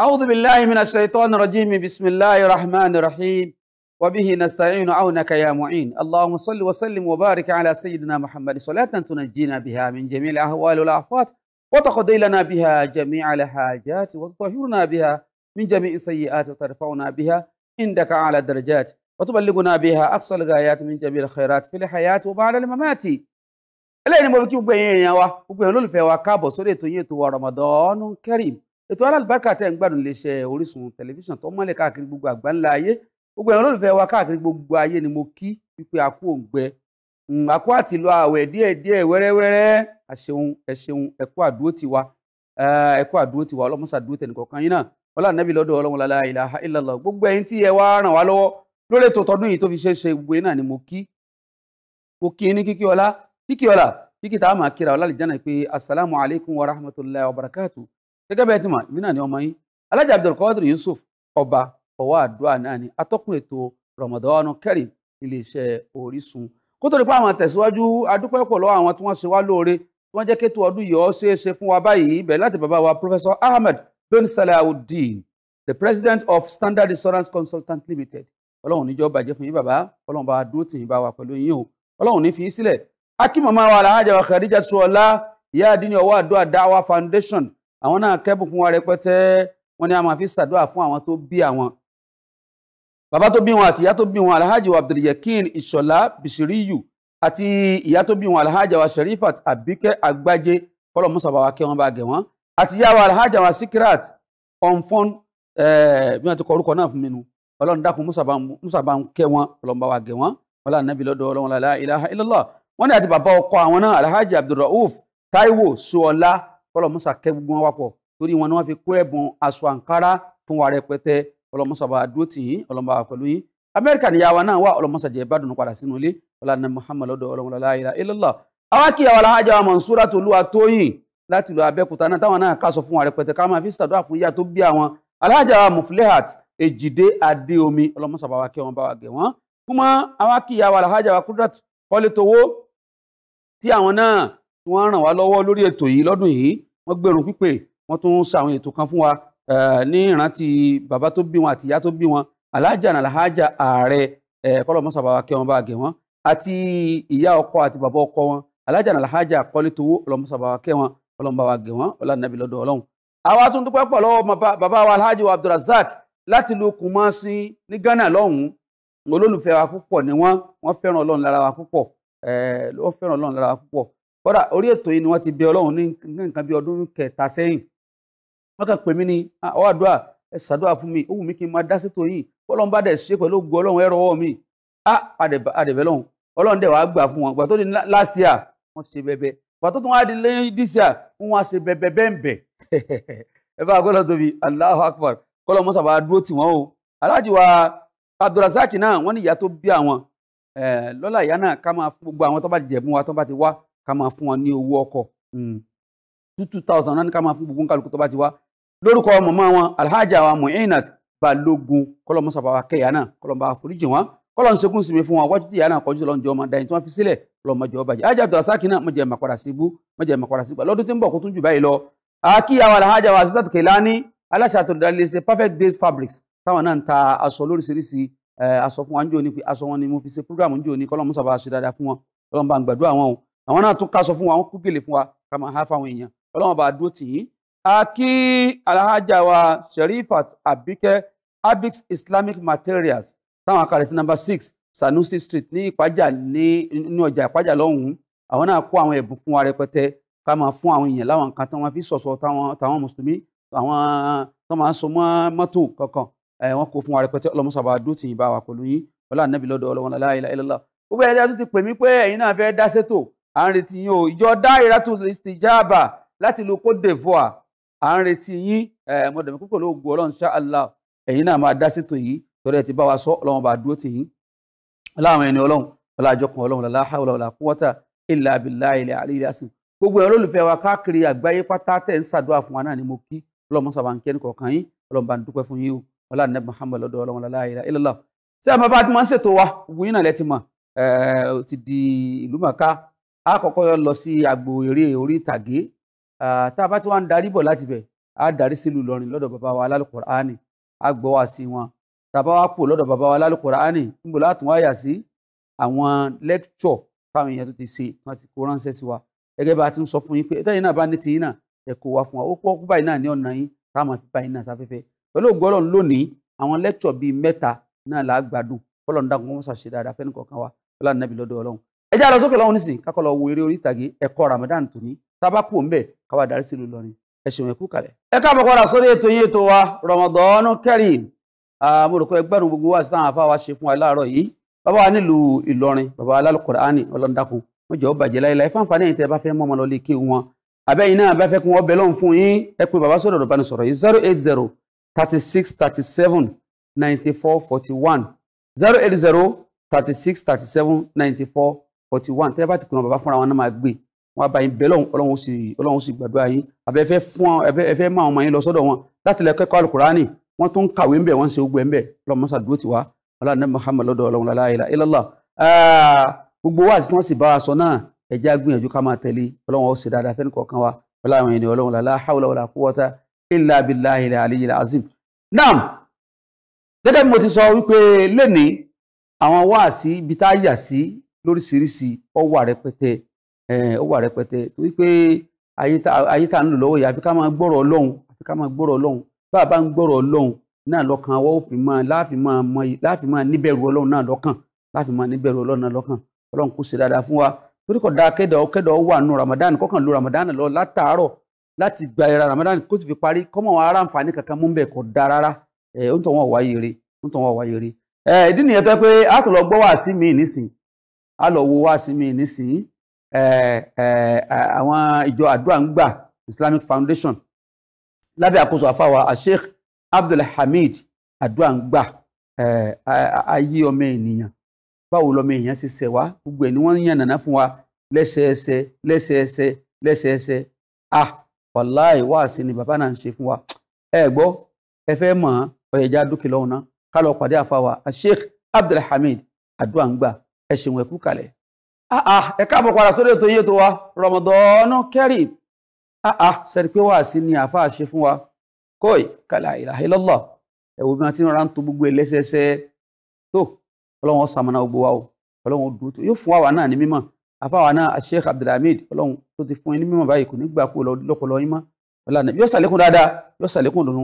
أعوذ بالله من الشيطان الرجيم بسم الله الرحمن الرحيم وبه نستعين عونك يا معين اللهم صل وسلم وبارك على سيدنا محمد صلاة تنجينا بها من جميع الأهوال والآفات وتقضي لنا بها جميع الحاجات وتطهرنا بها من جميع السيئات وترفعنا بها عندك أعلى الدرجات وتبلغنا بها أقصى الغايات من جميع الخيرات في الحياة وبعد الممات eléyìí ni mo fi kí gbogbo ẹ̀yin èèyàn wa gbogbo ẹ̀yin olólùfẹ́ wa káàbọ̀ sórí ètò yín ètò wa Ramadan Kareem ètò alálùbáríkà tẹ́ ń gbádùn iléeṣẹ́ Orísun tẹlifíṣàn tó mọ́lẹ̀ káàkiri gbogbo àgbáńlá ayé gbogbo ẹ̀rọ olùfẹ́ wa káàkiri gbogbo ayé ni mo kí wípé àkú òǹgbẹ àkú hmm, àti lọ àwẹ̀ díẹ̀ díẹ̀ wẹ́rẹ́wẹ́rẹ́ àṣeun ẹṣeun ẹkú àdúró tiwa ẹkú àdúró tiwa ọlọ́mọṣà dúró tẹnìkọ̀ọ̀kan yín náà wọlé ànábì lọ́dọ̀ ọlọ́run lálẹ́ ilaha illallah gbogbo ẹ̀yin tí ẹ wá ràn wá lọ́wọ́ lórí ètò tọdún yìí tó fi ṣe yín náà ni mo kí mo kí ní gẹ́gẹ́ bẹ́ẹ̀ tí mà èmi náà ni ọmọ yín alájà abdulkadir yusuf ọba ọwọ́ àdúrà náà ni atọ́kùn ètò rọmọdọ́nù kẹrin iléeṣẹ́ orísun kó tó di pé àwọn àtẹ̀síwájú adúpẹ́ pọ̀ lọ́wọ́ àwọn tí wọ́n ṣe wá lóore tí wọ́n jẹ́ kétò ọdún yìí ọ́ ṣeé ṣe fún wa báyìí bẹ̀rẹ̀ láti bàbá wa professor ahmed bin salawudeen the president of standard insurance consultant limited ọlọ́run níjọ́ bàjẹ́ fún yín bàbá ọlọ́run bá dúró tì yín bá wa pẹ̀lú yín o ọlọ́run ní fi yín sílẹ̀ akímọ̀mọ́ wa làwọn àjẹwà kàdíjà tuọ̀lá ìyá àdínní ọwọ́ àdúrà foundation àwọn náà kẹ́bùn fún wa rẹpẹtẹ wọn ni a máa fi ṣàdúrà fún àwọn tó bí àwọn bàbá tó bí wọn àti ìyá tó bí wọn alhaji wa abdulyakin ìṣọlá bishiriyu àti ìyá tó bí wọn alhaji wa sherifat abike agbaje kọlọ musa bàbá kẹ́ wọn bá gẹ̀ wọ́n àti ìyá wa alhaji wa sikirat ọ̀nfọ́n bí wọn ti kọ orúkọ náà fún mi nu ọlọ́run dákun musa bá ń kẹ́ wọn ọlọ́run bá wa gẹ̀ wọ́n wọn láà nábì lọ́dọ̀ ọlọ́run la ilaha illallah wọn ni àti bàbá ọkọ àwọn náà alhaji abdulrauf taiwo suola kọlọmọsà kẹ́ gbogbo wọn wapọ̀ torí wọn ni wọn fi kó ẹ̀bùn aṣọ àǹkárá fún wa rẹpẹtẹ ọlọmọsà bá dúró tì yín ọlọmọba wa pẹ̀lú yín amẹ́ríkà níyàwó náà wà ọlọmọsà jẹ́ ìbádùn padà sínú ilé ọlànà muhammed lọ́dọ̀ ọlọmọlá ilàlá awákì àwọn alájà wa Mansura Tolúwa Tóyìn láti ìlú Abẹ́òkúta náà táwọn náà kásọ fún wa rẹpẹtẹ ká máa fi ṣàdúrà fún ìyá tó bí àwọn tí wọ́n ràn wá lọ́wọ́ lórí ètò yìí lọ́dún yìí wọ́n gbẹ̀rún pípé wọ́n tún ń ṣàwọn ètò kan fún wa eh, ní ìrántí bàbá tó bí wọn àti ìyá tó bí wọn alájà nàlàájà ààrẹ eh, kọlọmọsà bàbá kẹ́ wọn bá gẹ̀ wọ́n àti ìyá ọkọ àti bàbá ọkọ wọn alájà nàlàájà kọ́lé towó ọlọmọsà bàbá kẹ́ wọn ọlọmọbàbà gẹ̀ wọ́n ọlànàbí lọ́dọ̀ ọlọ́run. àwa tún dúpẹ́ pọ̀ lọ́wọ́ bàbá wa alhaji wa abdulrasaq láti lu Kumasi ní Ghana lọ́hùn-ún olólùfẹ́ wa púpọ̀ ni wọ́n wọ́n fẹ́ràn ọlọ́run lára wa púpọ̀ eh, wọ́n fẹ́ràn ọlọ́run lára wa púpọ̀ kódà orí ètò yìí ni wọ́n ti bẹ ọlọ́run ní nǹkan bí ọdún kẹta sẹ́yìn wọ́n kàn pè mí ní ọwọ́ àdúrà ẹ ṣàdúrà fún mi ó wù mí kí n máa dá sétò yìí ọlọ́run bá dẹ̀ ṣe pẹ̀lú ògùn ọlọ́run ẹ̀rọ ọwọ́ mi á àdẹ̀bẹ̀ lọ́hùn ọlọ́run dẹ̀ wàá gbà fún wọn gbà tó di last year wọ́n ṣe bẹ̀bẹ̀ gbà tó tún wá di lẹ́yìn this year wọ́n wá ṣe bẹ̀bẹ̀ bẹ́ẹ̀nbẹ̀ ẹ bá gbọ́dọ̀ tóbi Allahu Akbar kọ́lọ́ mọ́sà bá dúró tì wọ́n o aláàjì wa Abdulrasaq náà wọ́n ní ìyá tó bí àwọn lọ́lá ìyá náà ká máa fún gbogbo àwọn tó bá jẹ̀bùn wa tó bá ti wá ká máa fún wọn ní owó ọkọ̀ hmm. two two thousand náà ni ká máa fún gbogbo kálukú tó bá ti wá lórúkọ mọ̀mọ́ wọn alhaja wa muinat balógun kọlọmọsọ bàbá kẹyà náà kọlọmọ bá foríjì wọn kọlọmọ sekun sinmi fún wọn wájú tí ìyá náà kọjú lọ́njọ ọmọ dání tí wọ́n fi sílẹ̀ lọ́mọ jọ bàjẹ́ ajá abdulrasaki náà mọ̀jẹ̀ màkpadà sí ibú mọ̀jẹ̀ màkpadà sí lọ́dún tí ń bọ̀ kó tún jù báyìí lọ. akíyà wa alhaja wa Azizat Kelani aláṣà àtọ̀dálẹ́sẹ̀ perfect days fabrics táwọn náà ta aṣọ lóríṣiríṣi eh, aṣọ ni mo fi ṣe program ń jò ní kọlọmọsọ bá aṣọ dáadáa fún wọn àwọn náà tún kásọ fún wa wọn kú gèlè fún wa ká máa há fáwọn èèyàn ọlọ́run bá dúró tì yín. a kí alhaja wa sherifat abike abix islamic materials táwọn akalẹ̀ sí number six sanusi street ní ìpájà ní inú ọjà ìpájà lọ́hùn-ún àwọn náà kó àwọn ẹ̀bùn fún wa rẹpẹtẹ ká máa fún àwọn èèyàn láwọn nǹkan tí wọ́n fi ṣọ̀ṣọ́ táwọn mùsùlùmí àwọn tó máa ń so mọ́ mọ́tò kankan wọ́n kó fún wa rẹpẹtẹ ọlọ́mọṣàbà dúró tì yín bá wa pẹ̀lú yín ọlá nàbí lọ́dọ̀ ọlọ́wọ́n láyé à ń retí yín o ìjọ Dahiratu Istijaba láti ìlú Côte d'Ivoire à ń retí yín mọ̀dọ̀mí púpọ̀ ló gbọ́ ọlọ́run insha Allah ẹ̀yin náà máa dá sètò yìí torí ẹ ti bá wa sọ ọlọ́run bá dúró tì yín láwọn ẹni ọlọ́run ọlájọkùn ọlọ́run la hawla wala quwwata illa billahi al-aliyyil azim gbogbo ẹ̀rọ olùfẹ́ wa káàkiri àgbáyé pátá tẹ̀ ń ṣàdúrà fún wa náà ni mo kí ọlọ́run sábà ń kí ẹnì kọ̀ọ̀kan yín ọlọ́run bá ń dúpẹ́ fún yín o ọlá ní Muhammad lọ́dọ̀ ọlọ́run la ilaha illallah sí àmọ́ bá a ti máa ń ṣètò wa gbogbo yín náà lẹ́ ti mọ̀ ti di ìlú màká a kọ́kọ́ lọ sí agbo eré orí ìtàgé tá a bá ti wá ń darí bọ̀ láti bẹ̀ a darí sílùú Ìlọrin lọ́dọ̀ bàbá wa lálùkùránì a gbọ́ wá sí wọn tá a bá wá kú lọ́dọ̀ bàbá wa lálùkùránì níbo látún wá yà sí àwọn lẹ́kṣọ̀ táwọn èèyàn tó ti ṣe wọn ti kó ránṣẹ́ sí wa gẹ́gẹ́ bá a ti ń sọ fún yín pé tẹ́yìn náà bá ní tiyín náà ẹ kó wá fún wa ó pọ̀ kú báyìí náà ní ọ̀nà yín táwọn fi báyìí náà wa ọlá nàbì lọ́dọ̀ Ọlọ́run ẹ já lọ sókè lọ́hùn nísìnyí kákọ́ lọ wo eré orí ìtàgé ẹ̀kọ́ Ramadan tòní tábàkù ńbẹ káwá darí sílùú Ìlọrin ẹ ṣeun ẹ kú kalẹ̀. ẹ káàbọ̀ padà sórí ètò yín ètò wa Ramadan Kareem mo rò pé ẹgbẹ́rún gbogbo wa sí táwọn afáwa ṣe fún wa láàárọ̀ yìí bàbá wa nílùú Ìlọrin bàbá wa lálùkùránì ọlọ́dàkùn wọ́n jọ bàjẹ́ láéláé fáǹfààní ẹ̀yin tẹ́ bá fẹ́ mọ́ ọmọ lọ lè ké wọn abẹ́yìn náà bá fẹ́ kí wọ́n bẹ lọ́hùn fún yín ẹ pé bàbá sọ̀rọ̀ ìbánu sọ̀rọ̀ yìí zero eight zero thirty six thirty seven ninety four forty one zero eight zero thirty six thirty seven ninety four forty one tẹ́lẹ̀ bá ti pè wọn bàbá fúnra wọn náà máa gbé wọn bá yín bẹ́ẹ̀ ọlọ́run sì ọlọ́run sì gbàdúrà yín àbẹ́ fẹ́ fún ẹ fẹ́ máa ọmọ yín lọ sọ́dọ̀ wọn láti lè kẹ́kọ̀ọ́ alukurani wọ́n tún kàwé ńbẹ̀ wọ́n ń ṣe ogun ẹ̀ ńbẹ̀ ọlọ́run mọ́sá dúró tiwa ọlọ́run Muhammad lọ́dọ̀ ọlọ́run lálá ilà ilàlá gbogbo wáàsí tí wọ́n sì bá wa sọ náà ẹ já ká máa tẹ̀lé ọlọ́run ó sì azim. naam gẹ́gẹ́ bí mo ti sọ wípé lónìí lóríṣiríṣi ó wà rẹpẹtẹ ó wà rẹpẹtẹ torí pé ayé tá à ń lò lọ́wọ́ yìí àfi ká máa gbọ́rọ̀ ọlọ́run àfi ká máa gbọ́rọ̀ ọlọ́run bá a bá ń gbọ́rọ̀ ọlọ́run náà lọ́kàn àwọn òfin máa láàfin máa mọ láàfin máa níbẹ̀rù ọlọ́run náà lọ́kàn láàfin máa níbẹ̀rù ọlọ́run náà lọ́kàn ọlọ́run kò ṣe dáadáa fún wa torí kò dáa kẹ́dọ̀ kẹ́dọ̀ wà nù ramadan kọ́kàn lo ramadan lọ látàárọ̀ láti gba ẹ̀ra ramadan kó sì fi parí kọ́mọ̀ wọn ará nfààní kankan mú bẹ́ẹ̀ kọ́ da rárá ẹ̀ ó ń tọ́ wọn wáyé rè ń tọ́ wọn wáyé rè ẹ̀ ìdí nìyẹn tó yẹ pé àtọ̀lọ́gbọ́ wà sí mi nísìnyí á lọ wo wá sí mi nísìnyí àwọn ìjọ àdúrà ń gbà Islamic Foundation lábẹ́ àkóso àfàwà asheikh Abdulhamid àdúrà ń gbà ayé ọmọ ènìyàn báwo lọmọ èèyàn ṣe ṣẹ̀ wá gbogbo ẹ̀ ni wọ́n ń yàn nàná fún wa lẹ́sẹẹsẹ lẹ́sẹẹsẹ lẹ́sẹẹsẹ ah wàláì wáàsí ni bàbá náà ń ṣe fún wa ẹ gbọ́ ẹ fẹ́ mọ̀ ọ́ ọ̀yẹ̀já dúkìá lọ́wọ́ náà ká lọ pàdé àfàwà Sheikh Abdulhamid àdúrà ń gbà ẹ ṣeun ẹ kú kalẹ̀ ẹ káàbọ̀ padà sórí ètò yìí tó wa Ramadan Kareem sẹ́ni pé wàásì ni àáfàá ṣe fún wa kóì kàlà ilaha illallah ẹ wo bí wọ́n ti rán tó gbogbo ẹ lẹ́sẹẹsẹ tó ọlọ́run ọ̀sàmọ́nà gbogbo wa o ọlọ́run dùn tó yóò fún wa náà ní mímọ́ àfáwa náà Sheikh Abdulhamid ọlọ́run tó ti fún yín ní mímọ́ báyìí kò ní gbà kú lọ́pọ̀lọ́ yín mọ́ ọlọ́run yóò ṣàlékún dáadáa yóò ṣàlékún dùnú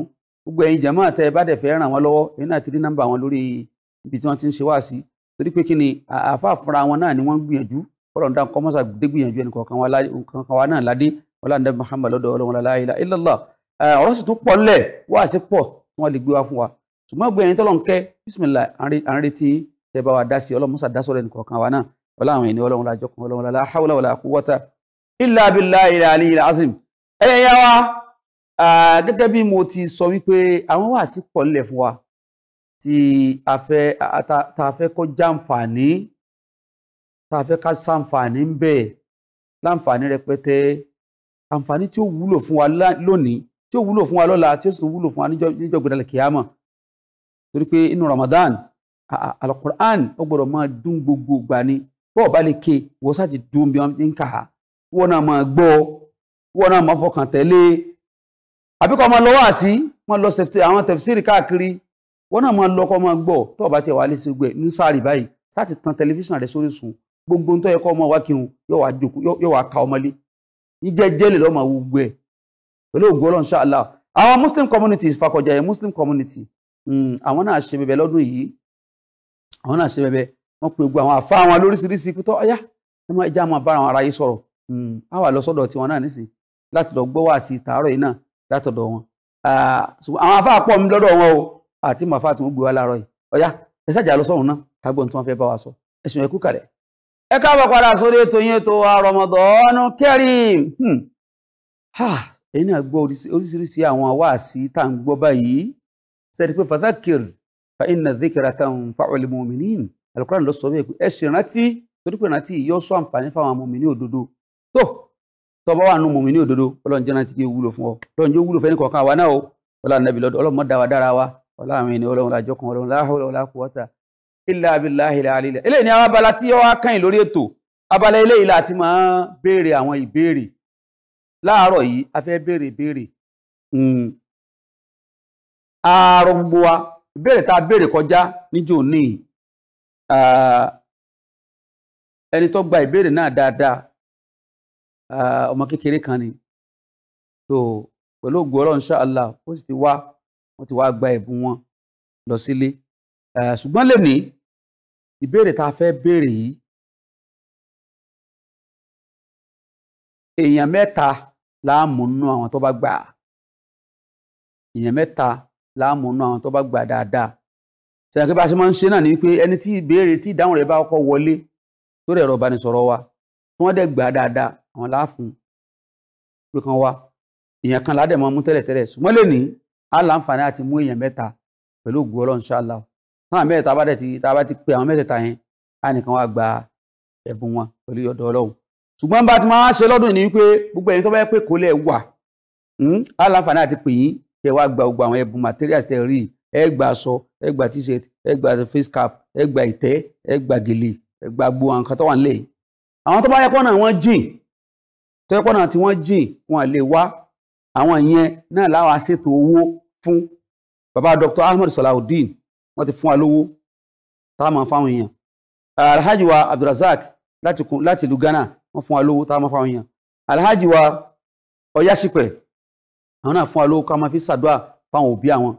torí pé kí ni àáfà fúnra wọn náà ni wọ́n gbìyànjú ọlọ́run dáhùn kọ́ mọ́sá dé gbìyànjú ẹnì kọ̀ọ̀kan wa náà ládé wọn láǹdà Muhammad lọ́dọ̀ ọlọ́run la ilaha illallah ọ̀rọ̀ sì tún pọ̀ ńlẹ̀ wá sí pọ̀ tí wọ́n lè gbé wá fún wa ṣùgbọ́n gbé ẹni tọ́lọ́run kẹ́ bismillah à ń bá wa dá sí ọlọ́run mọ́sá dá ẹnì kọ̀ọ̀kan wa náà wọlá àwọn ènìyàn ọlọ́run lájọ kan ọlọ́run la hawla wala quwwata illa billahi tí a fẹ́ tá a fẹ́ kó jàǹfààní tá a fẹ́ ká ṣàǹfààní ń bẹ̀ láǹfààní rẹpẹtẹ àǹfààní tí ó wúlò fún wa lónìí tí ó wúlò fún wa lọ́la tí ó sì wúlò fún wa níjọ́ gbẹdẹ́lẹ̀ kìámọ̀ torí pé inú Ramadan alukur'an ó gbọ́dọ̀ máa dún gbogbo ìgbà ni bọ́ọ̀ bá lè ke wọ́n sá ti dún bí wọ́n ti ń kà á wọ́n náà máa gbọ́ wọ́n náà máa fọkàn tẹ̀lé àbíkọ́ máa lọ wá sí máa lọ àwọn tẹ̀fsírì káàkiri wọn náà máa lọkọ máa gbọ́ tó o bá tiẹ̀ wá lé sí gbẹ ní sáàrì báyìí sáàtì tan tẹlifíṣàn rẹ sórí sùn gbogbo ń tọ́ yẹ kọ́ ọmọ wa kírun yóò wá jòkó yóò wá ka ọmọlé ní jẹ́jẹ́lẹ̀ lọ́ọ́ máa wú pẹ̀lú ògùn ọlọ́run ṣáàlà àwọn muslim communities fakọjá yẹn muslim community hmm, àwọn náà ṣe bẹbẹ lọ́dún yìí àwọn náà ṣe bẹbẹ wọ́n pe gbogbo àwọn àfa wọn lóríṣiríṣi pé tọ́ ọ̀yá ẹ máa já máa bára àwọn aráyé sọ̀rọ̀ á hmm, wà lọ sọ́dọ̀ tiwọn náà nísìn láti lọ gbọ́ wá sí tàárọ̀ yìí náà látọ̀dọ̀ wọn ah, àwọn àfa pọ̀ mi lọ́dọ̀ wọn o àti màfá tí wọ́n gbé wa láàárọ̀ yìí ọ̀yá ẹ ṣàjà lọ sọ́run náà kágbọ́n tí wọ́n fẹ́ bá wa sọ ẹ̀sùn ẹ̀kú kalẹ̀. ẹ káàbọ̀ padà sórí ètò yín ètò Ramadan Kareem hmm. ẹ̀yin náà oríṣiríṣi àwọn wáàsí tá à ń gbọ́ báyìí sẹ́ni pé fadhakir fa inna dhikra tanfa'ul mu'minin Al-Qur'an ló sọ bẹ́ẹ̀ pé ẹ ṣèrántí torí pé rántí yóò sọ àǹfààní fáwọn mùmínì òdodo tó tó bá wà nù mùmínì òdodo Ọlọ́run jẹ́ rántí kí ó wúlò fún ọ Ọlọ́run jẹ́ ó wúlò fẹ́ni kọ̀ọ̀kan àwa náà o Ọlọ́run nàbì lọ́dọ̀ Ọlọ́run mọ́ dáwadára wa ọlọ́run ẹni ọlọ́run lájọ kan ọlọ́run láhùn ọlọ́run lákùwọ́ta ilẹ̀ abiláhi alilẹ̀ eléyìí ni abala tí ó wá kẹ́yìn lórí ètò abala eléyìí láti máa béèrè àwọn ìbéèrè láàárọ̀ yìí a fẹ́ béèrè béèrè ààrùn hmm, gbogbo wa ìbéèrè tá a béèrè kọjá níjó ní ẹni tó gba ìbéèrè náà dáadáa ọmọ kékeré kan ni so pẹ̀lú ògùn ọlọ́run ṣáàlà ó sì ti wá wọ́n ti wá gba ẹ̀bùn wọn lọ sílé ṣùgbọ́n lè ní ìbéèrè tá a fẹ́ béèrè yìí èèyàn mẹ́ta láàmú nú àwọn tó bá gbà á èèyàn mẹ́ta láàmú nú àwọn tó bá gbà dáadáa sẹ́yìn pé bá ń ṣe náà ni pé ẹni tí ìbéèrè tí ìdáhùn rẹ̀ bá kọ́kọ́ wọlé lórí ẹ̀rọ ìbánisọ̀rọ̀ wa tí wọ́n dẹ̀ gbà dáadáa àwọn láàfún pé kan wá èèyàn kan ládẹ̀ máa mú tẹ́lẹ̀tẹ́lẹ̀ ṣùgbọ́n lè á láǹfààní àti mú èèyàn mẹ́ta pẹ̀lú ògùn ọlọ́run ṣáàlà táwọn mẹ́ta bá dẹ̀ ti tá a bá ti pe àwọn mẹ́tẹ̀ẹ̀ta yẹn á nìkan wá gba ẹ̀bùn wọn pẹ̀lú ọ̀dọ̀ ọlọ́run ṣùgbọ́n bá ti máa ṣe lọ́dún ní wípé gbogbo ẹ̀yin tó bá yẹ pé kò lẹ̀ wà hmm, á àti pè yín kẹ wá gba gbogbo àwọn ẹ̀bùn materials tẹ̀ rí ẹ gba aṣọ ẹ gba t-shirt ẹ gba face cap ẹ gba ìtẹ́ ẹ gba gèlè ẹ gba gbogbo àwọn nǹkan tó wà nílẹ̀ àwọn tó bá yẹ pọ́nà wọn jìn tó yẹ pọ́nà fún bàbá Dr. Ahmed Salahudeen wọ́n ti fún wa lówó táwọn máa fáwọn èèyàn alhaji wa Abdulrasaq láti ìlú Ghana wọ́n fún wa lówó táwọn máa fáwọn èèyàn alhaji wa Ọyásípẹ̀ àwọn náà fún wa lówó ká máa fi ṣàdúrà fáwọn òbí àwọn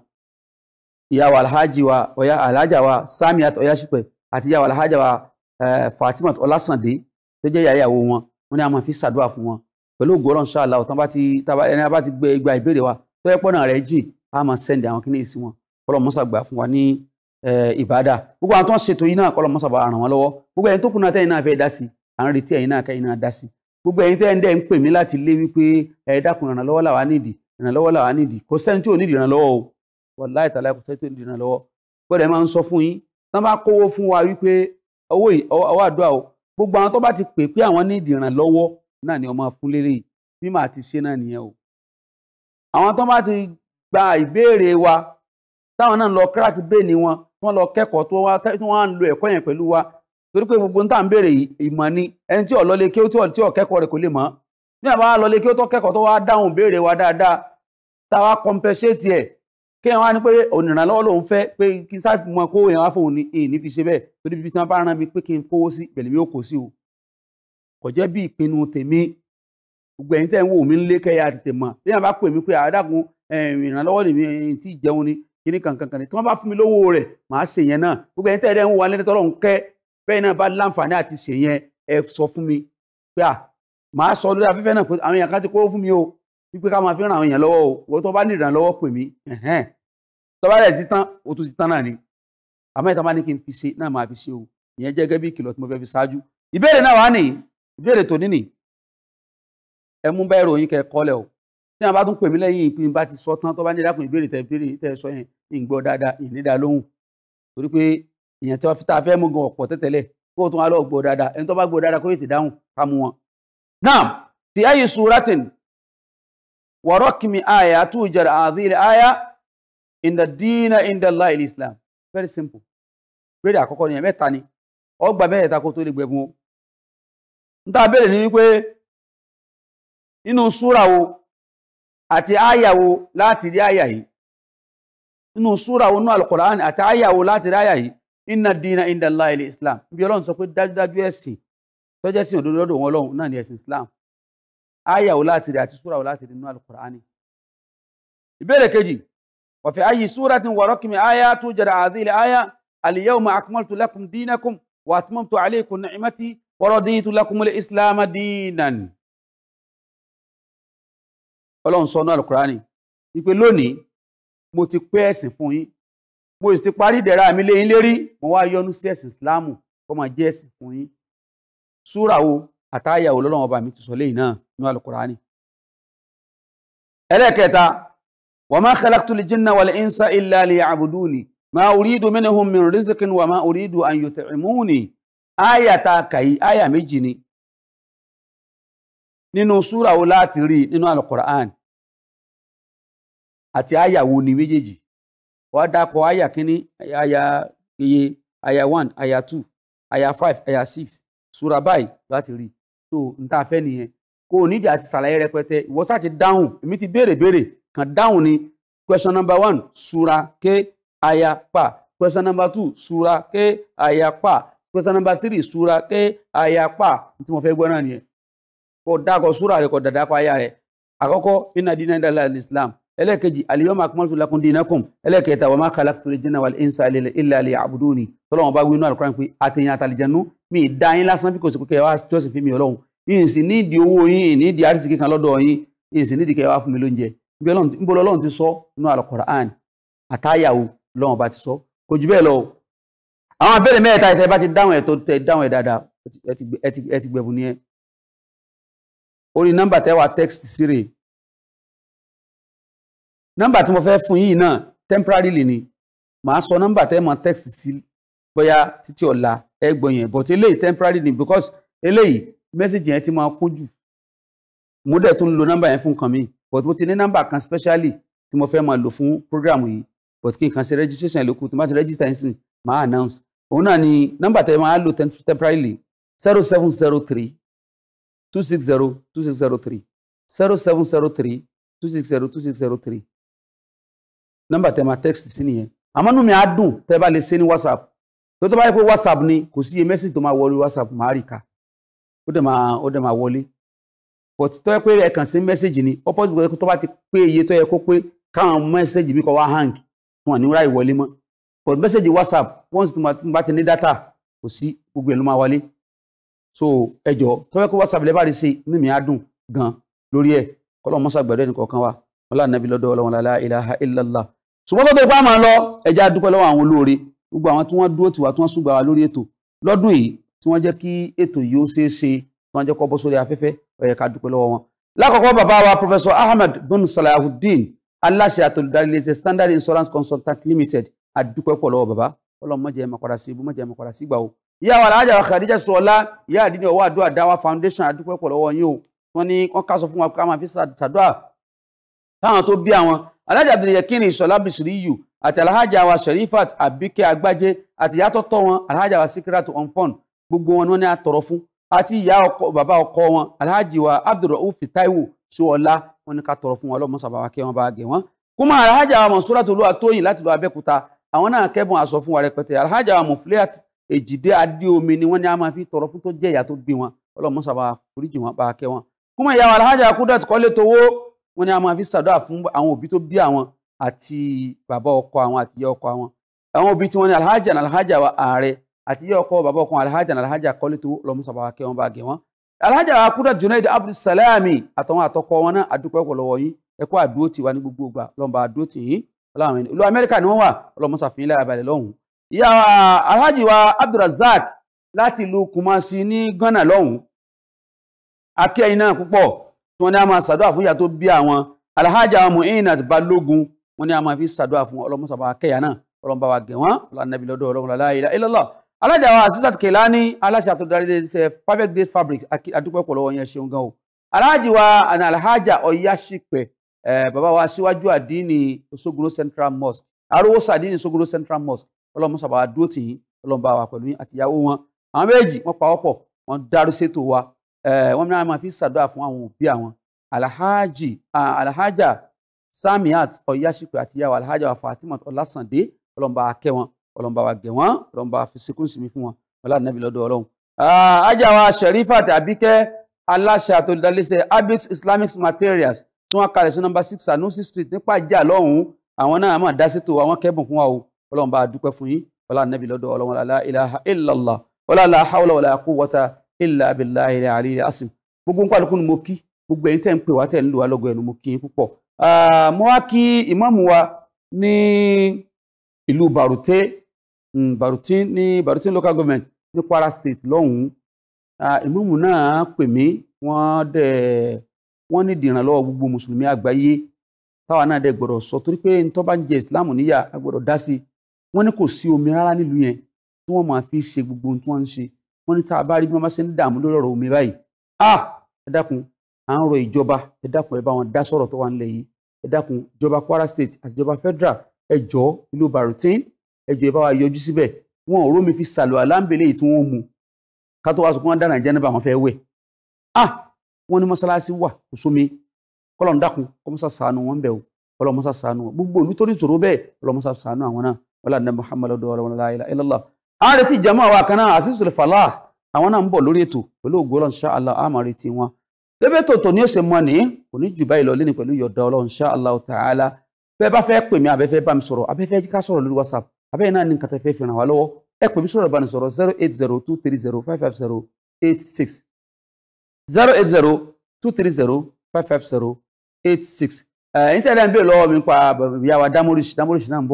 ìyá wa ọyá alhaja Samiat Ọyásípẹ̀ àti ìyá wa alhaja wa eh, Fatima Ọlásàndé tó jẹ́ ìyàwó wọn wọ́n ní a máa fi ṣàdúrà fún wọn pẹ̀lú ògbóràn ṣáàlà ọ̀tán bá ti ẹni bá ti gbé igba ìbéèrè wa tó yẹ pọ́nà rẹ̀ jìn a máa sẹ́ndì àwọn kíní sí wọn kọ́lọ̀ mọ́sà gbà fún wa ní ìbádà gbogbo àwọn tó ń ṣètò yìí náà kọ́lọ̀ mọ́sà bá ràn wọ́n lọ́wọ́ gbogbo ẹ̀yin tó kùnà tẹ́yìn náà fẹ́ dá sí à ń retí ẹ̀yin náà kẹ́yìn náà dá sí gbogbo ẹ̀yin tẹ́yìn dẹ́ ń pè mí láti lé wípé ẹ dákun ìrànlọ́wọ́ làwa nídìí ìrànlọ́wọ́ làwa nídìí kò sẹ́ni gbogbo àwọn tó bá ti pè pé àwọn nídìí ìrànlọ́wọ́ náà ni ọmọ fún lélẹ́yìn mímọ̀ àti ṣe náà nìyẹn o àwọn tó bá ti gba ìbéèrè wa táwọn náà lọ kíláàkì bẹ́ẹ̀ni wọn wọn lọ kẹ́kọ̀ọ́ tó wá tí wọ́n á ń lo ẹ̀kọ́ yẹn pẹ̀lú wa torí pé gbogbo ń tà ń béèrè ìmọ̀ ni ẹni tí ọ̀lọ́lé kí ó tí ọ̀kẹ́kọ̀ọ́ rẹ̀ kò lè mọ̀ ní àbá lọ́lé kí ó tó kẹ́kọ̀ọ́ tó wá dáhùn béèrè wa dáadáa tá a wá compensate ẹ̀ kí wọn á ní pé onírànlọ́wọ́ lòún fẹ́ pé kí n sáfì mọ kó èèyàn wá fóun ní èèní fi ṣe bẹ́ẹ̀ torí bíbí tí wọ́n bá rán mi pé kí n kówó sí pẹ̀lú mi ó kó sí o kò jẹ́ bí ìpinnu tèmi gbogbo ẹ̀yin tẹ́ ń wò mí ń lé kẹ́yà tètè mọ̀ bí wọ́n bá pè mí pé àádákun ìrànlọ́wọ́ lèmi ẹ̀yìn tí jẹun ni kíní kankankan ni tí wọ́n bá fún mi lówó rẹ̀ màá ṣe yẹn náà gbogbo ẹ̀yin tẹ́lẹ̀ ń wà lẹ́ni tọ́lọ́run kẹ́ bẹ́ẹ̀ náà bá láǹfààní àti ṣe yẹn ẹ sọ fún mi pé à màá sọ lórí afẹ́fẹ́ náà pé àwọn èèyàn kan ti kó fún mi o wípé ká máa fi ràn àwọn èèyàn lọ́wọ́ o wọ́n tó bá ní ìrànlọ́wọ́ pè mí tọ́ba rẹ̀ ti tán o tún ti tán náà ni àmọ́ ìta bá ní kí n fi ṣe náà máa fi ṣe o ìyẹn jẹ́ gẹ́gẹ́ bí ìkìlọ̀ tí mo fẹ́ fi ṣáájú ìbéèrè náà wà ní ìbéèrè tòní nì ẹ mú bẹ́ẹ̀ ròyìn kẹ́ kọ́lẹ̀ o tí a bá tún pè mí lẹ́yìn ìpín bá ti sọ tán tó bá ní dákun ìbéèrè tẹ ìbéèrè tẹ sọ yẹn ń dáadáa ìnídà lóhùn torí pé èèyàn tí a fẹ́ mú gan ọ̀pọ̀ tẹ́tẹ́lẹ̀ kó o tún wá lọ gbọ́ dáadáa ẹni islam very simple béèrè àkọ́kọ́ mẹ́ta ni ọgbà mẹ́ta kó tó lè o. ta béèrè àti àyàwó láti rí àyà yìí nínú súra wọnú alukọ̀rán àti àyàwó láti rí àyà yìí inna dina inda Allah ilẹ̀ islam bí ọlọ́run sọ pé dájúdájú ẹ̀sìn tọ́jẹ́ sí òdodo lọ́dọ̀ wọn ọlọ́run náà ni ẹ̀sìn islam àyàwó láti rí àti súra láti rí nínú alukọ̀rán. ìbéèrè kejì wa fi ayyi suratin wa rakmi àyà tó jẹ́ra àdìlẹ̀ àyà al-yawma akmaltu lakum dinakum wa atmamtu alaykum ni'mati wa raditu lakumul islama dinan ọlọ́run sọ ní alukurani wípé lónìí mo ti pé ẹ̀sìn fún yín mo sì ti parí ìdẹ̀ra mi lé yín lérí mo wá yọ́nú sí ẹ̀sìn ìsìláàmù kó máa jẹ́ ẹ̀sìn fún yín súra wo àtàyà wo lọ́lọ́run ọba mi ti sọ léyìn náà ní alukurani. ẹlẹ́kẹta wa ma khalaqtul jinna wal insa illa liya'buduni ma uridu minhum min rizqin wa ma uridu an yut'imuni áyà tá a kà yí áyà méjì ni nínú súra láti rí nínú alukurani àti àyà wo ni méjèèjì wàá dákọ àyà kínní àyà iye àyà one àyà two àyà five àyà six sura báyìí láti rí so n ta fẹ́ nìyẹn kò nídìí àti ṣàlàyé rẹpẹtẹ ìwọ sá ti dáhùn èmi ti béèrè béèrè kàn dáhùn ni question number one sura ké àyà pa question number two sura ké àyà pa question number three sura ké àyà pa tí mo fẹ́ gbọ́ náà nìyẹn kò dákọ̀ sura rẹ kò dàdá pa àyà rẹ àkọ́kọ́ iná dínà dàlá islam ẹlẹ́ẹ̀kejì al-yawma akmaltu lakum dinakum ẹlẹ́ẹ̀kẹta wa ma khalaqtul jinna wal insa illa liya'buduni tọ́lọ́wọ́n bá wínú Al-Qur'an pé àtẹ̀yìn àtàlìjẹ̀nu mi dá yín lásán bí kò sí pé kẹ́ wá jọ́sìn fún mi ọlọ́run yìí sì nídìí owó yín nídìí àrísìkí kan lọ́dọ̀ yín yìí sì nídìí kẹ́ wá fún mi lóúnjẹ níbo lọ́run ti sọ inú Al-Qur'an àtàyàwó lọ́run bá ti sọ kò jù bẹ́ẹ̀ orí nọ́mbà tẹ́ wà sírè nọ́mbà tí mo fẹ́ fún yìí náà temporarily ni màá sọ nọ́mbà tẹ́ mọ text sí bóyá títí ọ̀la ẹ gbọ́ yẹn but eléyìí temporarily ni because eléyìí message yẹn ti máa kún jù mo dẹ̀ tún lo nọ́mbà yẹn fún nǹkan mi but mo ti ní nọ́mbà kan specially tí mo fẹ́ máa lò fún program yìí but kí n kàn ṣe registration lókù tó máa ti register yín sìn máa announce òun náà ni nọ́mbà tẹ́ máa lò temporarily zero seven zero three two six zero two six zero three zero seven zero three two six zero two six zero three nọ́mbà tẹ́ ma text sini nìyẹn àmọ́ nù mí á dùn tẹ́ bá lè ṣe ní whatsapp tó tó bá yẹ pé whatsapp ni kò sí iye message tó ma wọlé whatsapp máa rì ká ó dẹ̀ máa ó dẹ̀ máa wọlé but tó yẹ pé ẹ kàn sí message ni opposite gbọdọ tó bá ti pé iye tó yẹ kó pé káwọn message mi kọ wá hang fún wọn ní ráì wọlé mọ́ but message whatsapp once tó ma ti ní data kò sí gbogbo ẹ̀ ló máa wọlé so ẹ jọ tó yẹ kó whatsapp lè bá rí ṣe inú mi á dùn gan lórí ẹ̀ kọlọmọsà gbẹdọ ẹnì kọ̀ọ̀kan wa wọn lànà bí lọ́dọ̀ Ọlọ́run la ilaha illallah ṣùgbọ́n tó tó ipá máa lọ ẹja dúpẹ́ lọ́wọ́ àwọn olóore gbogbo àwọn tí wọ́n dúró tìwá tí wọ́n súgbà wá lórí ètò lọ́dún yìí tí wọ́n jẹ́ kí ètò yìí ó ṣeé ṣe tí wọ́n jẹ́ kó bọ́ sórí afẹ́fẹ́ ó ká dúpẹ́ lọ́wọ́ wọn. lákọ̀ọ́kọ́ bàbá wa Professor Ahmed bin Salahuddin aláṣẹ àtòlùdarí lẹ́sẹ̀ Standard Insurance Consultant Limited àdúpẹ́ pọ̀ lọ́wọ́ bàbá Ọlọ́run má jẹ́ má padà sí ibú má jẹ́ má padà sí ìgbà o. ìyá foundation àdúpẹ́ pọ̀ lọ́wọ́ yín o wọ́n ní wa ká máa fi ṣàdúrà káwọn tó alhaji abdulyakin ìṣọlá bisiriyu àti alhaji awa sherifat abike agbaje àti ìyá tọ́tọ́ wọn alhaji awa sikiratu onfon gbogbo wọn ni wọn ní àtọrọ fún àti ìyá ọkọ bàbá ọkọ wọn alhaji wa abdulrauf taiwo ṣọọlá wọn ní ká tọrọ fún wọn ọlọmọ sábà wa kí wọn bá gẹ wọn. kúmọ alhaji awa mansuratu olúwa tóyìn láti lọ abẹ́kúta àwọn náà kẹ́bùn aṣọ fún wa rẹpẹtẹ alhaji awa mufliat èjìdé adéomi ni wọn ní a máa fi tọrọ fún tó jẹ́ ìyá tó bí wọn ọlọmọ sábà foríjì wọn bá kẹ́ wọn. kúmọ ìyá wa alhaji akudat kọ́lé towó wọ́n ní a máa fi ṣàdúrà fún àwọn òbí tó bí àwọn àti bàbá ọkọ àwọn àti ìyá ọkọ àwọn àwọn òbí tí wọ́n ní alhaja ní alhaja wa ààrẹ àti ìyá ọkọ bàbá ọkọ alhaja ní alhaja kọ́lé tó lọ́mú sàbàwà kẹ́ wọn bá gẹ̀ wọ́n alhaja akuda junaid abdulsalami àtàwọn àtọkọ wọn náà àdúpẹ́ pọ̀ lọ́wọ́ yín ẹ kó àdúró tì wá ní gbogbo ìgbà lọ́nba àdúró tì yín ìlú amẹ́ríkà ni wọ́n wà ọlọ́mọ sàfihàn ilẹ̀ abalẹ̀ lọ́hùn ìyá alhaji wa abdulrazak láti ìlú kumasi ní ghana lọ́hùn akẹ́yìn náà púpọ̀ wọ́n ní a máa ṣàdúrà fún ìyá tó bí àwọn alhaja àwọn muinat balógun wọ́n ní a máa fi ṣàdúrà fún ọlọ́mọṣàbà akẹ́yà náà ọlọ́mọba wa gẹ̀ wọ́n ọlọ́nàbí lọ́dọ̀ ọlọ́run la ilaha alájà wa Azeezat Kelani aláṣẹ àtọ́darí ṣe perfect day fabric adúpẹ́ pọ̀ lọ́wọ́ yẹn ṣeun gan o alhaji wa àna alhaja ọ̀yáṣípẹ̀ bàbá wa síwájú àdínì Central Mosque arówó sàdínì Osogoro Central Mosque ọlọ́mọṣàbà dúró tì yín ọlọ́mọba wa pẹ̀lú àtìyàwó wọn àwọn méjì wọ́n pawọ́pọ̀ wọ́n dárú sétò wa wọ́n náà máa fi ṣàdúrà fún àwọn òbí àwọn alhaji alhaja samiat ọ̀yáṣípé àti ìyàwó alhaja wa fatimat ọ̀làsàndé ọlọ́mọba akẹ́ wọn ọlọ́mọba wa gẹ̀ wọn ọlọ́mọba fi sekún sí mi fún wọn ọlá nàbí lọ́dọ̀ ọlọ́run. ajá wa sherifat abike aláṣẹ àtòlùdálẹ́sẹ̀ abix islamic materials tí wọ́n kalẹ̀ sí nọ́mbà six sanusi street nípa ìjà lọ́hùn-ún àwọn náà máa dá sètò àwọn kẹ́bùn fún wa o ọlọ́mọba adúpẹ́ fún yín ọlá nàbí lọ́dọ̀ ọlọ́run la ilaha illallah wala la hawla wala quwwata illa billahi al-aliyyil azim gbogbo ń pàlùkù ni mo kí gbogbo ẹ̀yin tẹ́ ń pè wá tẹ́ ń lò wá ẹnu mo kí yín púpọ̀ mo wá kí ìmáàmù wa ní ìlú Barute hmm, Barutin ní Barutin local government ní Kwara state lọ́hùn-ún ìmáàmù náà pè mí wọ́n dẹ̀ wọ́n ní ìdìrànlọ́wọ́ gbogbo mùsùlùmí àgbáyé táwa náà dẹ̀ gbọ́dọ̀ sọ torí pé ntọ́ bá ń jẹ ìsìláàmù níyà a gbọ́dọ̀ dá sí i wọ́n ní kò sí omi rárá nílùú yẹn tí wọ́n máa fi ṣe gbogbo ohun tí wọ́n ń ṣe wọ́n ní tá a bá rí bí wọ́n bá ṣe ń dààmú lórí ọ̀rọ̀ omi báyìí ah ẹ dákun à ń rọ ìjọba ẹ dákun ẹ bá wọn dá sọ̀rọ̀ tó wà nílẹ̀ yìí ẹ dákun ìjọba Kwara State àti ìjọba federal ẹ jọ ìlú Barutin ẹ jọ ẹ bá wa yọjú síbẹ̀ wọn ò rómi fi sàlù àlámbélé yìí tí wọ́n mú ká wá sọ pé wọ́n dá nàìjíríà níbà wọn fẹ́ wẹ̀ ah wọ́n ní mọ́sálásí wà kò sómi kọ́lọ́n dákun kọ́mọ́sá sànù wọn bẹ̀ o kọ́lọ́mọ́sá sànù wọn gbogbo olùtọ́ni sòrò bẹ́ẹ̀ kọ́lọ́mọ́sá sànù ní Muhammadu ọ̀rọ̀ wọn láyé ààrẹ tí ìjàmọ́ àwọn àkànná àṣìṣùlẹ̀ fàlà àwọn náà ń bọ̀ lórí ètò pẹ̀lú ògo ọlọ́run ṣá àlà àmà retí wọn bébé tòótọ́ ni ó ṣe mọ́ ni kò ní jù báyìí lọ lẹ́ni pẹ̀lú yọ̀dọ̀ ọlọ́run ṣá àlà ta'ala bẹ́ẹ̀ bá fẹ́ pè mí abẹ́fẹ́ bá mi sọ̀rọ̀ abẹ́fẹ́ ká sọ̀rọ̀ lórí whatsapp abẹ́yẹn náà ní nǹkan tẹ́ fẹ́ fi ràn wá lọ́wọ́ ẹ pè mí sọ̀rọ̀ bá ní sọ̀rọ̀ zero eight zero two three zero five five zero eight six zero eight zero two three zero five five zero eight six ẹ̀yin tẹ́lẹ̀ ń bèèrè lọ́wọ́ mi pa ìyá wa dámọ́rìṣì dámọ́rìṣì náà ń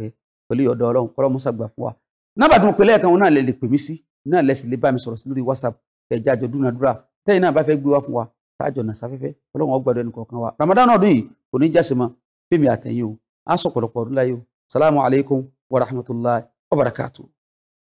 bọ̀ pẹ̀lú ọ̀dọ̀ ọlọ́run kọ́lọ́ musa gbà fún wa nọ́mbà tí mo pè lẹ́ẹ̀kan òun náà lè lè pè mí sí náà lẹ́sìn lè bá mi sọ̀rọ̀ sí lórí whatsapp ẹ̀já àjọ dúnadúrà tẹ́yìn náà bá fẹ́ gbé wá fún wa táàjọ náà sáfẹ́fẹ́ ọlọ́run ó gbàdúrà ẹnì kọ̀ọ̀kan wa ramadan ọdún yìí kò ní jáse mọ́ fíìmù àtẹ̀yìn o á sọ pọ̀lọpọ̀ ọdún láyé o salamu alaykum wa rahmatulahi wa barakatuh.